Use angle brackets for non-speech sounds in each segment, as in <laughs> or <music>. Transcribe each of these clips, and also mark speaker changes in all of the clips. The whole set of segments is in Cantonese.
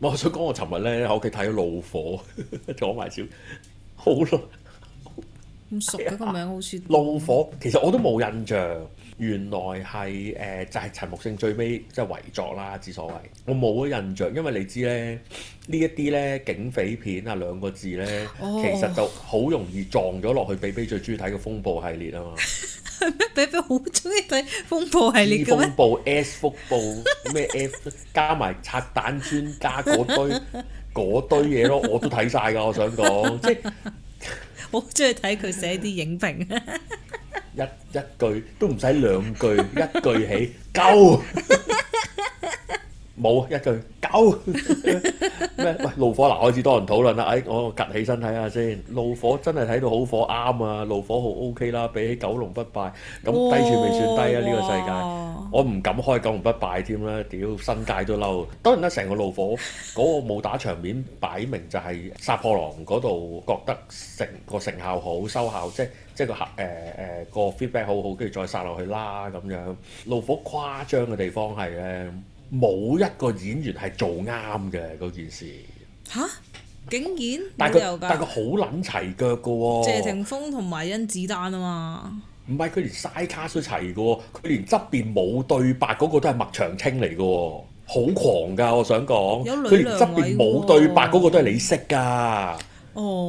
Speaker 1: 我想講我尋日咧喺屋企睇《怒火》呵呵，撞埋少好耐。
Speaker 2: 咁熟嘅個名
Speaker 1: 好似《怒、哎、呀火》，其實我都冇印象。原來係誒、呃、就係、是、陳木勝最尾即係遺作啦，之所謂。我冇咗印象，因為你知咧呢一啲咧警匪片啊兩個字咧，哦、其實就好容易撞咗落去比比最中意睇嘅《風暴》系列啊嘛。哦
Speaker 2: 係咩好中意睇風暴係你嘅咩風
Speaker 1: 暴、S 風暴，咩 F 加埋拆彈專家嗰堆嗰堆嘢咯，我都睇晒㗎。我想講，即係
Speaker 2: 我好中意睇佢寫啲影評， <laughs> 一一
Speaker 1: 句都唔使兩句，一句起夠。 <laughs> 冇一句搞！咩？ <laughs> 喂！怒火嗱 <laughs> 開始多人討論啦！哎，我趌起身睇下先。怒火真係睇到好火啱啊！怒火好 O K 啦，比起九龍不敗咁低處未算低啊！呢、哦、個世界哇我唔敢開九龍不敗添啦！屌新界都嬲。當然啦，成個怒火嗰、嗰個武打場面擺明就係殺破狼嗰度覺得成個成效好收效，即即個誒誒、呃、個 feedback 好好，跟住再殺落去啦咁樣。怒火誇張嘅地方係咧。冇一個演員係做啱嘅嗰件事。
Speaker 2: 嚇！竟然，但佢他但佢
Speaker 1: 好捻齊腳噶、哦。謝霆
Speaker 2: 鋒同埋甄子丹啊嘛。
Speaker 1: 唔係佢連 side cast 都齊噶、哦，佢連側邊冇對白嗰個都係麥長青嚟噶、哦，好狂噶！我想講，佢女連側邊冇對白嗰個都係你識噶。啊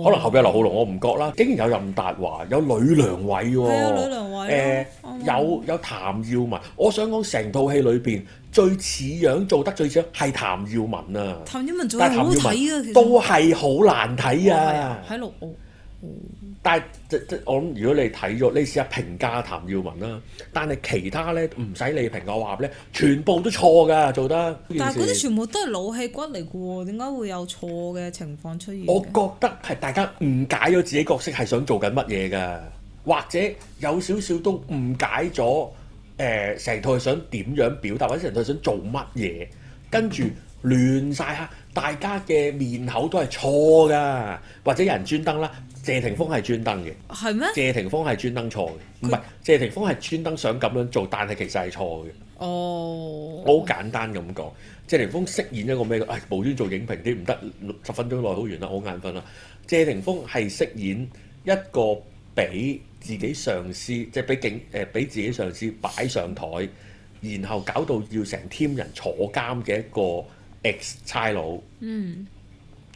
Speaker 2: 可能後邊劉浩龍，
Speaker 1: 我唔覺啦。竟然有任達華，有呂良偉喎。呂良偉。誒，有有譚耀文。我想講成套戲裏邊最似樣做得最似，係譚耀文啊。
Speaker 2: 譚耀文仲係好睇
Speaker 1: 啊，都係好難睇啊。喺
Speaker 2: 六。嗯、
Speaker 1: 但係即即我諗，如果你睇咗呢次評價譚耀文啦，但係其他咧唔使你評，我話咧全部都錯㗎，做得。但係嗰啲全
Speaker 2: 部都係老氣骨嚟嘅喎，點解會有錯嘅情況出現？我
Speaker 1: 覺得係大家誤解咗自己角色係想做緊乜嘢㗎，或者有少少都誤解咗誒成套係想點樣表達，或者成套想做乜嘢，跟住。嗯亂晒黑，大家嘅面口都係錯㗎，或者有人專登啦。謝霆鋒係專登嘅，係咩嗎他？謝霆鋒係專登錯嘅，唔係謝霆鋒係專登想咁樣做，但係其實係錯嘅。
Speaker 2: 哦，我好
Speaker 1: 簡單咁講，謝霆鋒飾演一個咩？誒，無端做影評啲唔得，十分鐘內好完啦，好眼瞓啦。謝霆鋒係飾演一個俾自己上司，即係俾警誒俾、呃、自己上司擺上台，然後搞到要成 team 人坐監嘅一個。ex 差佬，嗯、mm.，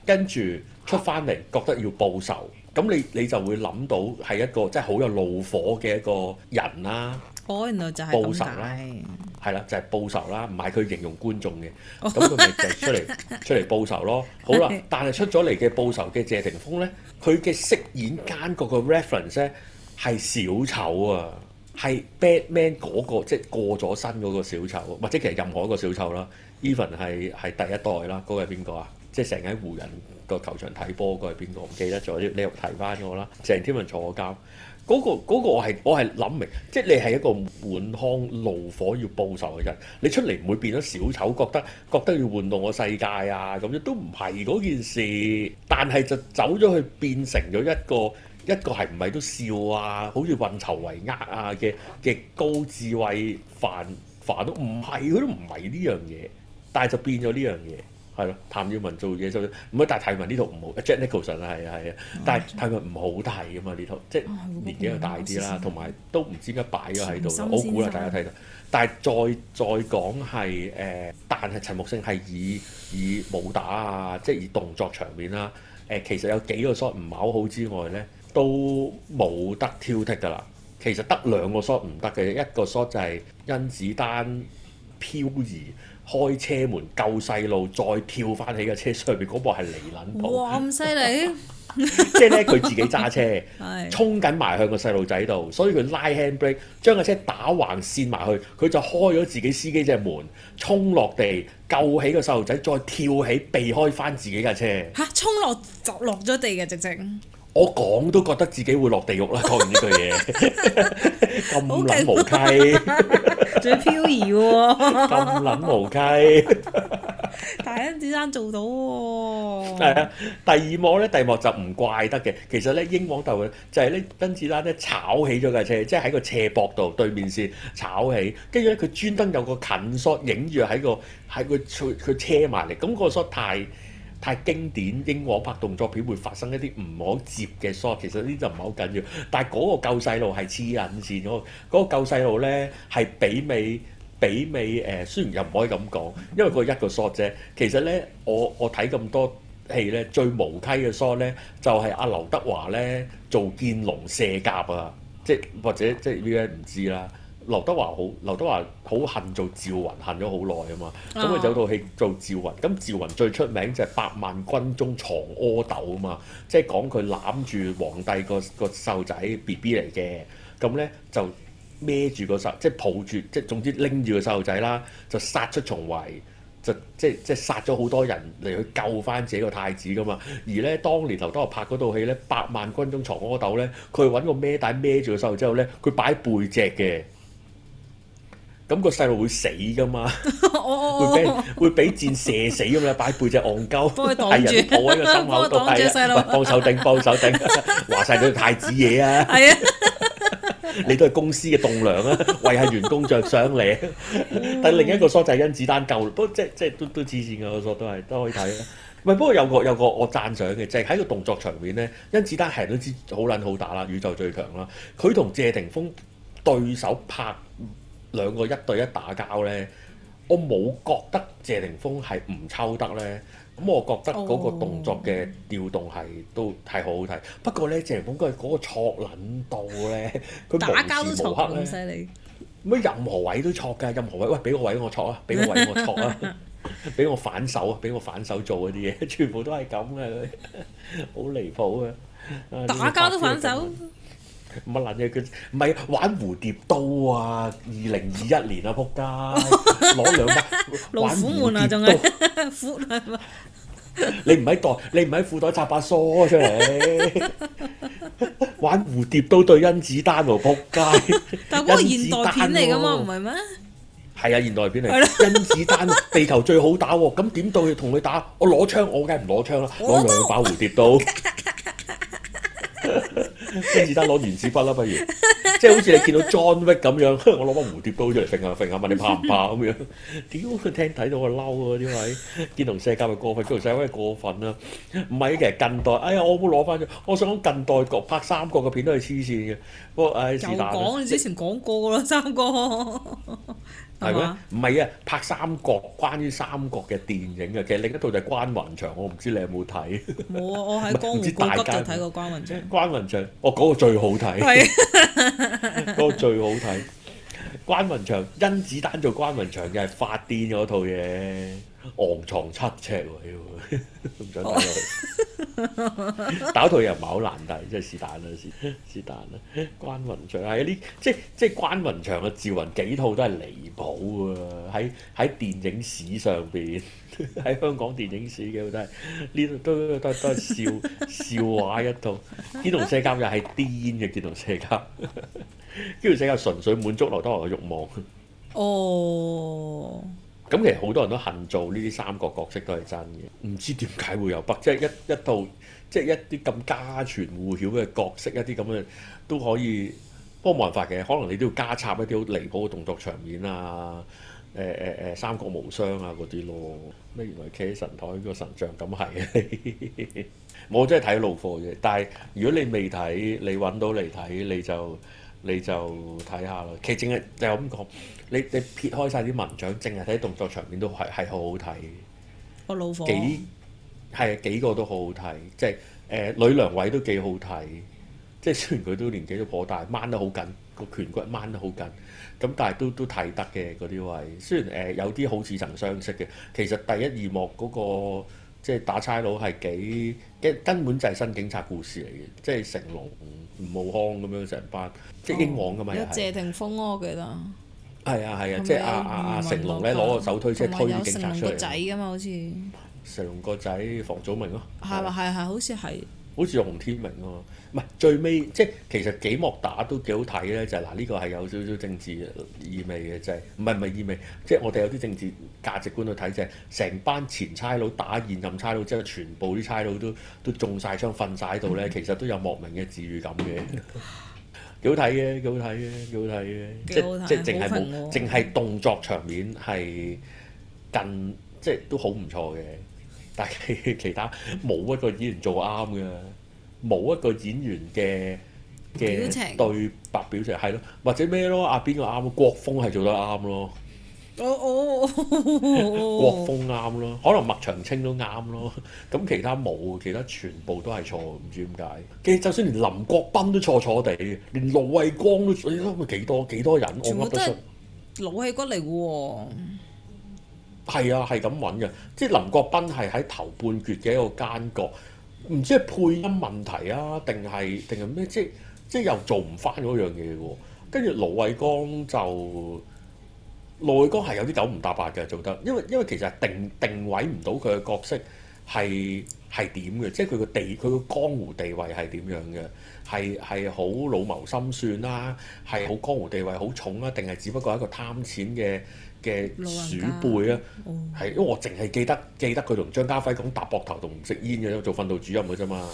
Speaker 1: 跟住出翻嚟，覺得要報仇，咁你你就會諗到係一個即係好有怒火嘅一個人啦。
Speaker 2: 就係、是、報仇啦、
Speaker 1: 啊，係啦，就係報仇啦，唔係佢形容觀眾嘅，咁佢咪就出嚟 <laughs> 出嚟報仇咯。好啦，但係出咗嚟嘅報仇嘅謝霆鋒咧，佢嘅飾演奸角嘅 reference 咧係小丑啊，係 Batman 嗰、那個即係過咗身嗰個小丑，或者其實任何一個小丑啦、啊。Even 係，係第一代啦，嗰個係邊個啊？即係成日喺湖人個球場睇波，嗰個係邊個？唔記得咗，你又提翻我啦。成 Timon 坐我監，嗰個嗰個我係我係諗明，即係你係一個滿腔怒火要報仇嘅人，你出嚟唔會變咗小丑，覺得覺得要玩弄我世界啊，咁樣都唔係嗰件事，但係就走咗去變成咗一個一個係唔係都笑啊？好似運籌帷幄啊嘅極高智慧犯，犯都唔係，佢都唔係呢樣嘢。但係就變咗呢樣嘢係咯。譚耀文做嘢就唔係，但係譚耀文呢套唔好。 <noise> Jack Nicholson 係啊係啊，但係譚耀文唔好睇㗎嘛呢套，即係年紀又大啲啦，同埋都唔知點解擺咗喺度。心心我估啦，大家睇到。但係再再講係誒，但係陳木勝係以以武打啊，即係以動作場面啦。誒、呃，其實有幾個 shot 唔係好好之外咧，都冇得挑剔㗎啦。其實得兩個 shot 唔得嘅，一個 shot 就係甄子丹漂移。開車門救細路，再跳翻起嘅車上面嗰步係離
Speaker 2: 撚譜。哇，咁犀利！即係咧，佢自己揸車，衝
Speaker 1: 緊埋向個細路仔度，所以佢拉 handbrake，將架車打橫線埋去，佢就開咗自己司機隻門，衝落地救起個細路仔，再跳起避開翻自己架車。
Speaker 2: 吓、啊，衝落就落咗地嘅，直情。
Speaker 1: <laughs> 我講都覺得自己會落地獄啦，講 <laughs> 完呢句嘢，咁 <laughs> 撚無稽。 <laughs> 最漂移喎，咁撚無稽，
Speaker 2: 但係甄子丹做到喎，哦。 <laughs> 係
Speaker 1: 啊，第二幕咧，第二幕就唔怪得嘅。其實咧，英皇就係就係咧，甄子丹咧炒起咗架車，即係喺個斜坡度對面線炒起，跟住咧佢專登有個近索影住喺個喺、個佢佢車埋嚟，咁個索太。太經典，英皇拍動作片會發生一啲唔可接嘅 s 其實呢就唔係好緊要。但係嗰個舊細路係黐引線，嗰、那個嗰個舊細路咧係媲美媲美誒、呃，雖然又唔可以咁講，因為佢一個 shot 啫。其實咧，我我睇咁多戲咧，最無稽嘅 shot 咧，就係、是、阿、啊、劉德華咧做見龍卸甲啊，即係或者即係呢啲咧唔知啦。劉德華好，劉德華好恨做趙雲，恨咗好耐啊嘛。咁佢有套戲做趙雲，咁趙雲最出名就係、是、百萬軍中藏阿斗啊嘛，即係講佢攬住皇帝、那個寶寶個細路仔 B B 嚟嘅。咁咧就孭住個細，即係抱住，即係總之拎住個細路仔啦，就殺出重圍，就即即係殺咗好多人嚟去救翻自己個太子噶嘛。而咧當年劉德華拍嗰套戲咧，《百萬軍中藏阿斗》呢咧，佢揾個孭帶孭住個細路之後咧，佢擺背脊嘅。咁個細路會死噶嘛？
Speaker 2: <laughs> 會俾被 <laughs>
Speaker 1: 會俾箭射死噶嘛。擺背脊戇鳩，係人、 <laughs> 哎、抱喺個心口度， <laughs> 放手頂放手頂，話晒佢太子爺啊！係 <laughs> 是啊， <laughs> <laughs> 你都係公司嘅棟梁啊，為係員工着想你但係另一個梳就係甄子丹救不過，都即係即係都都黐線嘅，我梳都係都可以睇。唔係，不過有個有個我讚賞嘅，就係、是、喺個動作場面咧，甄子丹係人都知好撚好打啦，宇宙最強啦。佢同謝霆鋒對手拍。兩個一對一打交咧，我冇覺得謝霆鋒係唔抽得咧。咁我覺得嗰個動作嘅調動係、oh. 都係好好睇。不過咧，謝霆鋒佢嗰個錯撚度咧，佢打交都錯，咁犀利？乜任何位都錯㗎，任何位。喂，俾個位我錯啊，俾個位我錯啊，俾 <laughs> 我反手啊，俾我反手做嗰啲嘢，全部都係咁嘅，好離譜啊！打交都反手。啊乜係嘢，叫、啊？唔係玩蝴蝶刀啊！二零二一年啊，仆街攞兩把，
Speaker 2: 玩，玩蝴蝶刀仲係褲啊
Speaker 1: 你唔喺袋，你唔喺褲袋插把梳出嚟， <laughs> 玩蝴蝶刀對甄子丹喎、啊，仆街！ <laughs>
Speaker 2: 但係嗰個現代片嚟㗎嘛，唔係咩？
Speaker 1: 係啊，現代片嚟，甄 <laughs> 子丹、啊、地球最好打喎、啊！咁點對佢同佢打？我攞槍，我梗係唔攞槍啦，攞也兩把蝴蝶，蝶刀。 <laughs> 跟住得攞原子筆啦，不如即係好似你見到 John Wick 咁樣，我攞個蝴蝶刀出嚟揈下揈下，問你怕唔怕咁樣？屌佢聽睇到我嬲啊？呢位見同世界咪過分，見同世界咪過分啦！唔係其實近代，哎呀，我冇攞翻，我想講近代國拍三個嘅片都係黐線嘅。不過誒，有講你之
Speaker 2: 前講過咯，三個。 <laughs> 係咩？
Speaker 1: 唔係啊，拍《三國》關於《三國》嘅電影啊，其實另一套就係關雲長，我唔知你有冇睇。
Speaker 2: 冇啊！我喺江湖告急睇過關雲長。
Speaker 1: 關雲長，我嗰個最好睇。
Speaker 2: 係。
Speaker 1: 嗰個最好睇。關雲長，甄子丹做關雲長嘅發癲嗰套嘢，昂藏七尺喎，要 <laughs> 唔想睇佢。 <laughs> <laughs> 打套又唔係好難，但係真係是但啦，是是但啦。關雲長係啲即係即係關雲長啊，趙雲幾套都係離譜啊！喺喺電影史上邊，喺 <laughs> 香港電影史嘅都係呢都都都係笑笑話一套。呢套社交又係癲嘅，呢套社交呢套 <laughs> 社交純粹滿足劉德華嘅欲望。
Speaker 2: 哦。Oh.
Speaker 1: 咁其實好多人都恨做呢啲三國角，角色都係真嘅，唔知點解會有北，即係一一套，即係一啲咁家傳戶曉嘅角色，一啲咁嘅都可以。不過冇辦法嘅，可能你都要加插一啲好離譜嘅動作場面啊，誒誒誒，三國無雙啊嗰啲咯。咩原來企喺神台個神像咁、就、係、是， <laughs> 我真係睇怒火嘅。但係如果你未睇，你揾到嚟睇，你就。你就睇下咯，其實淨係就咁講，你你撇開晒啲文章，淨係睇動作場面都係係好好睇。
Speaker 2: 個怒火幾
Speaker 1: 係幾個都好好睇，即係誒、呃、呂良偉都幾好睇，即係雖然佢都年紀都頗大，掹得好緊，個拳骨掹得好緊，咁但係都都睇得嘅嗰啲位。雖然誒、呃、有啲好似曾相識嘅，其實第一二幕嗰、那個。即係打差佬係幾根根本就係新警察故事嚟嘅，即係成龍、吳孟康咁樣成班，哦、即係英皇咁嘛又有謝
Speaker 2: 霆鋒、啊、我記得，
Speaker 1: 係啊係啊，啊，是不是即係阿阿阿成龍咧攞個手推車推警察出嚟。有成龍個仔㗎嘛？好似。成龍個仔房祖名咯、
Speaker 2: 啊。係啦，係係，好似係。
Speaker 1: 好似洪天明喎、啊，唔係最尾，即係其實幾幕打都幾好睇咧。就係、是、嗱，呢、這個係有少少政治意味嘅，就係唔係唔係意味，嗯、即係我哋有啲政治價值觀去睇，就係、是、成班前差佬打現任差佬之後，即全部啲差佬都都中晒槍，瞓晒喺度咧，嗯、其實都有莫名嘅治愈感嘅。幾 <laughs> 好睇嘅，幾好睇嘅，幾好睇嘅。幾即好即係淨係冇，淨係、嗯、動作場面係近，即係都好唔錯嘅。但係其，其他冇一個演員做啱嘅，冇一個演員嘅嘅對白表情係咯情，或者咩咯？阿、啊、邊個啱？郭峰係做得啱咯、嗯哦。
Speaker 2: 哦哦郭
Speaker 1: 峰啱咯，可能麥長青都啱咯。咁其他冇，其他全部都係錯，唔知點解。嘅，就算連林國斌都錯錯地，連盧惠光都，你諗下幾多幾多人，我覺得真
Speaker 2: 係老戲骨嚟嘅。
Speaker 1: 係啊，係咁揾嘅。即係林國斌係喺頭半截嘅一個奸角，唔知係配音問題啊，定係定係咩？即係即係又做唔翻嗰樣嘢喎、啊。跟住盧偉光就盧偉光係有啲九唔搭八嘅做得，因為因為其實定定位唔到佢嘅角色係係點嘅，即係佢嘅地佢嘅江湖地位係點樣嘅？係係好老謀深算啦、啊，係好江湖地位好重啊，定係只不過係一個貪錢嘅？嘅鼠輩啊，係、哦、因為我淨係記得記得佢同張家輝講搭膊頭同唔食煙嘅啫，做訓導主任嘅啫嘛。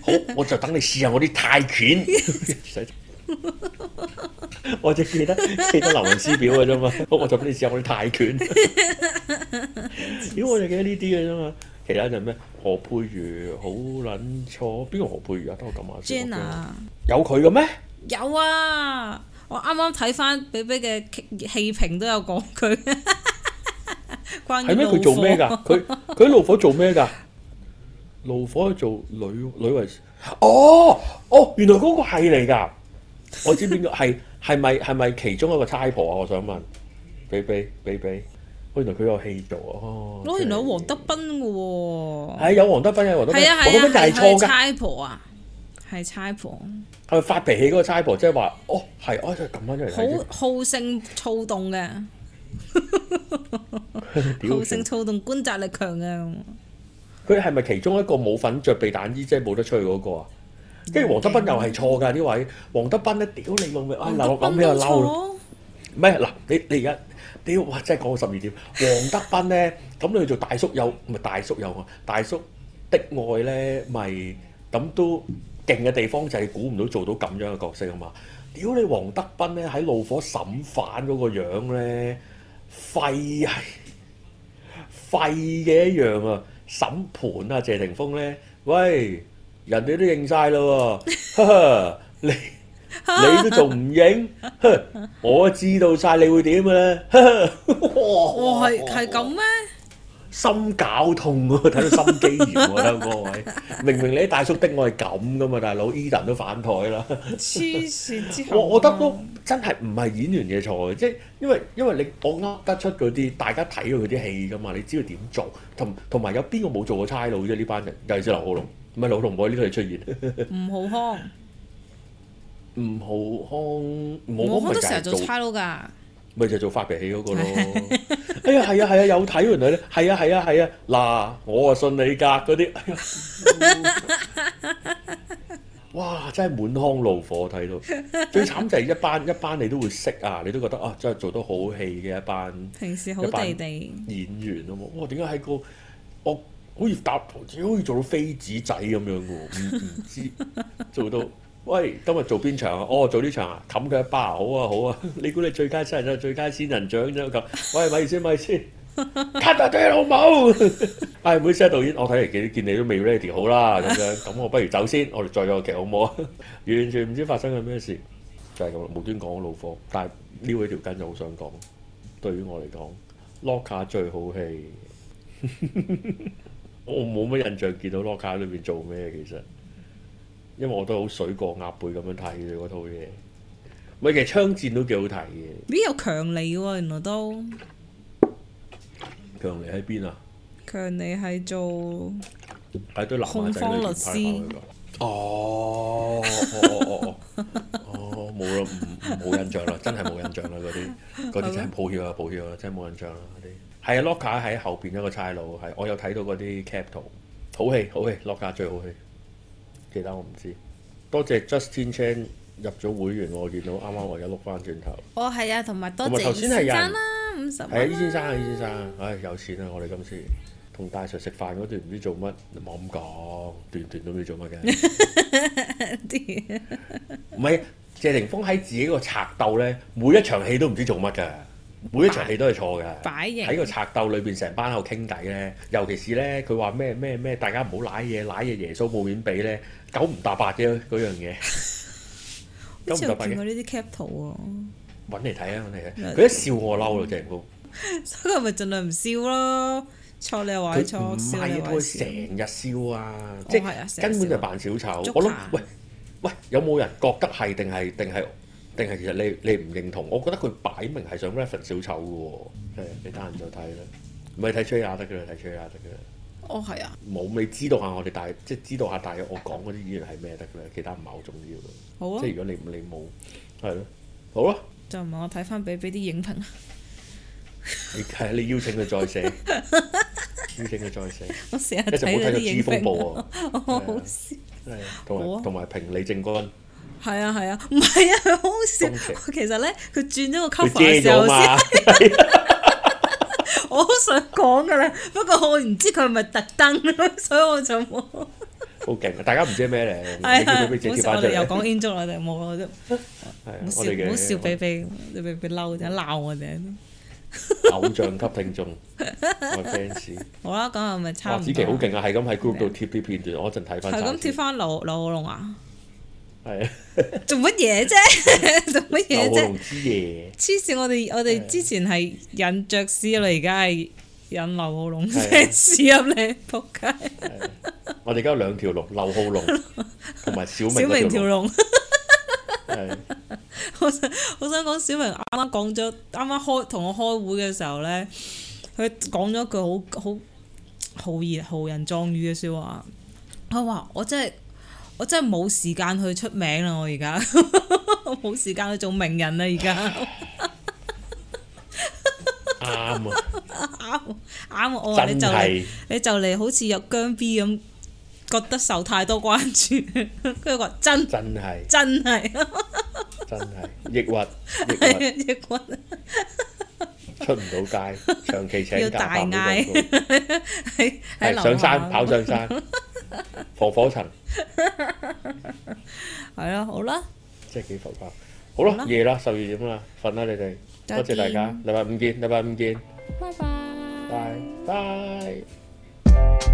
Speaker 1: 好，我就等你試下我啲泰拳、 <laughs> 哎。我就記得
Speaker 2: 記得劉雲師
Speaker 1: 表嘅啫嘛，我就俾你試下我啲泰拳。咦，我就記得呢啲嘅啫嘛，其他就咩何佩瑜好撚錯，邊個何佩瑜啊？都咁啊 Jeana 有佢嘅咩？
Speaker 2: 有啊。我啱啱睇翻比比嘅戲評都有講佢 <laughs> 露，係咩佢做咩噶？佢
Speaker 1: 佢怒火做咩噶？怒火做女女為哦哦，原來嗰個係嚟噶，我知邊個係係咪係咪其中一個差婆啊？我想問比比比比，原來佢有戲做哦，哦。
Speaker 2: 原嚟有黃德斌嘅喎、哦，係、哎、有
Speaker 1: 黃德斌嘅黃德斌係差
Speaker 2: 婆啊。係差婆，
Speaker 1: 係咪發脾氣嗰個差婆？即係話哦，係我就撳翻出嚟。好
Speaker 2: 好勝躁動嘅，好 <laughs> 勝躁動， <laughs> 觀察力強嘅。
Speaker 1: 佢係咪其中一個冇份着避彈衣，即係冇得出去嗰、嗰個啊？跟住黃德斌又係錯噶呢位黃德斌咧，屌你老味，我講俾佢嬲，咩？嗱錯，你你而家屌哇，真係講到十二點，黃德斌咧，咁 <laughs> 你做大叔又唔係大叔又啊，大叔的愛咧，咪咁都。勁嘅地方就係估唔到做到咁樣嘅角色啊嘛！屌你黃德斌咧，喺怒火審犯嗰個樣咧，廢係廢嘅一樣啊！審判啊謝霆鋒咧，喂，人哋都認曬啦喎，你你都仲唔認？ <laughs> 我知道晒你會點啊！
Speaker 2: 哇係係咁咩？
Speaker 1: 心絞痛啊！睇到心肌炎啦、啊，咁多 <laughs> 位，明明你啲大叔的我係咁噶嘛，大佬 Eden 都反台啦。黐 <laughs>
Speaker 2: 線、啊！我我覺得都
Speaker 1: 真係唔係演員嘅錯，即係因為因為你我噏得出嗰啲，大家睇到佢啲戲噶嘛，你知道點做，同同埋有邊個冇做過差佬啫？呢班人，尤其是劉浩龍，唔係劉浩龍唔可以呢個出現。吳 <laughs> 浩康，吳浩康是是，吳浩康成日做差佬噶。咪就做發脾氣嗰個咯 <laughs> 哎！哎呀，係啊，係啊，有睇原來咧，係啊，係啊，係啊！嗱，我啊信你噶嗰啲，哇，真係滿腔怒火睇到， <laughs> 最慘就係一班一班你都會識啊，你都覺得啊，真係做得好戲嘅一班，
Speaker 2: 平時好地地
Speaker 1: 演員啊嘛！哇，點解喺個我好似搭好似做到飛子仔咁樣嘅？唔、嗯、唔知做到。喂，今日做邊場啊？哦，做呢場啊？冚佢一巴啊好啊，好啊！ <laughs> 你估你最佳新人最佳仙人掌啊？咁，喂，咪先咪先，cut 得對老母？係，唔、啊 <laughs> 哎、好意思、啊、導演，我睇嚟見見你都未 ready 好啦，咁樣，咁我不如先走先，我哋再做劇好唔好啊？ <laughs> 完全唔知發生緊咩事，就係、是、咁，無端講怒火，但係撩起條筋就好想講。對於我嚟講，lock 卡、er、最好戲， <laughs> 我冇乜印象見到 lock 卡、er、裏邊做咩其實。因為我都好水過鴨背咁樣睇佢嗰套嘢，喂，其實槍戰都幾好睇嘅。
Speaker 2: 咦？有強尼喎，原來都
Speaker 1: 強尼喺邊啊？
Speaker 2: 強尼係做男方律師。哦，哦哦哦
Speaker 1: 哦，冇、哦、
Speaker 2: 啦，
Speaker 1: 唔唔冇印象啦，真係冇印象啦，嗰啲嗰啲真係抱歉啊，抱歉啊，真係冇印象啦嗰啲。係啊，Locka 喺後邊一個差佬，係我有睇到嗰啲 cap 圖，好戲好戲，Locka、er、最好戲。其他我唔知，多謝 Justin Chan 入咗會員，我見到啱啱我而家碌翻轉頭。
Speaker 2: 哦，係啊，同埋多謝。同埋頭先係廿五十。係，李
Speaker 1: 先生啊，李、啊啊先，啊、先生，唉、哎，有錢啊！我哋今次同大 Sir 食飯嗰段唔知做乜，冇咁講，段段都唔知做乜嘅。唔係， <laughs> 謝霆鋒喺自己個賊鬥咧，每一場戲都唔知做乜㗎。每一場戲都係錯
Speaker 2: 嘅，喺盃個
Speaker 1: 拆鬥裏邊成班喺度傾偈咧，尤其是咧佢話咩咩咩，大家唔好賴嘢，賴嘢耶穌冇面俾咧，九唔搭八啫。嗰樣嘢。幾次見
Speaker 2: 過呢啲 cap 圖啊？
Speaker 1: 揾嚟睇啊，揾嚟睇。佢一笑我嬲咯，正公。
Speaker 2: <laughs> 所以咪盡量唔笑咯，錯你又話佢錯，笑你又話佢笑，成
Speaker 1: 日笑啊，哦、即係、哦啊、根本就扮小丑。上我諗，喂喂，喂，有冇人覺得係定係定係？定係其實你你唔認同，我覺得佢擺明係想 ref 返小丑嘅喎，你得閒就睇啦，唔係睇吹呀得嘅啦，睇吹呀得嘅啦。哦係啊。冇，你知道下我哋大，即係知道下大約我講嗰啲語言係咩得嘅啦，其他唔係好重要嘅、啊。好啊。即係如果你你冇，係咯，好啦。
Speaker 2: 就唔係我睇翻俾俾啲影評
Speaker 1: 啊。係 <laughs> 啊，你邀請佢再寫，邀請佢再寫。 <laughs> 我成日睇到朱風暴啊，我
Speaker 2: 好 aus、啊、笑。係。
Speaker 1: 同埋同埋評李正軍。 <laughs> <laughs>
Speaker 2: 係啊，係啊，唔係啊，好、啊、好笑！歇其實咧，佢轉咗個 cover 嘅時候侯，先。 <laughs> <laughs> <laughs> 我好想講噶啦，不過我唔知佢係咪特登，所以我就冇。
Speaker 1: <laughs> 好勁！大家唔知咩嚟？係啊，我哋又講
Speaker 2: end 咗啦，就冇啦啫。係啊，被被我哋嘅好笑比比，俾俾嬲，就鬧我哋。
Speaker 1: 偶像級聽眾，
Speaker 2: 我 fans 好啦，咁啊，咪差唔多。紫琪好勁
Speaker 1: 啊，係咁喺 group 度貼啲片段，我一陣睇翻。係咁
Speaker 2: 貼翻劉劉浩龍啊！ <laughs> 做乜嘢啫？ <laughs> 做乜嘢啫？
Speaker 1: 黐嘢！ <laughs>
Speaker 2: 黐線， <laughs> 我哋我哋之前係引爵士啦，而家係引劉浩龍爵士入嚟，仆街！
Speaker 1: 我哋而家兩條龍，劉浩龍同埋小明條龍。
Speaker 2: 我想，我想講小明啱啱講咗，啱啱開同我開會嘅時候咧，佢講咗句好好豪言豪言壯語嘅說話。佢話我真係。我真係冇時間去出名啦！我而家我冇時間去做名人啦！而家啱啊！啱啱我你就嚟，你就嚟好似入姜 B 咁，覺得受太多關注，佢住話真真係真係真係抑鬱抑鬱
Speaker 1: 出唔到街，長期請假喺
Speaker 2: 喺喺樓上跑上山。防火層，係 <laughs> <laughs> 啊，好啦，
Speaker 1: 即係幾浮誇，好啦吧，夜啦，十二點啦，瞓啦你哋，見多謝大家，禮拜五見，禮拜五見，拜拜，拜拜。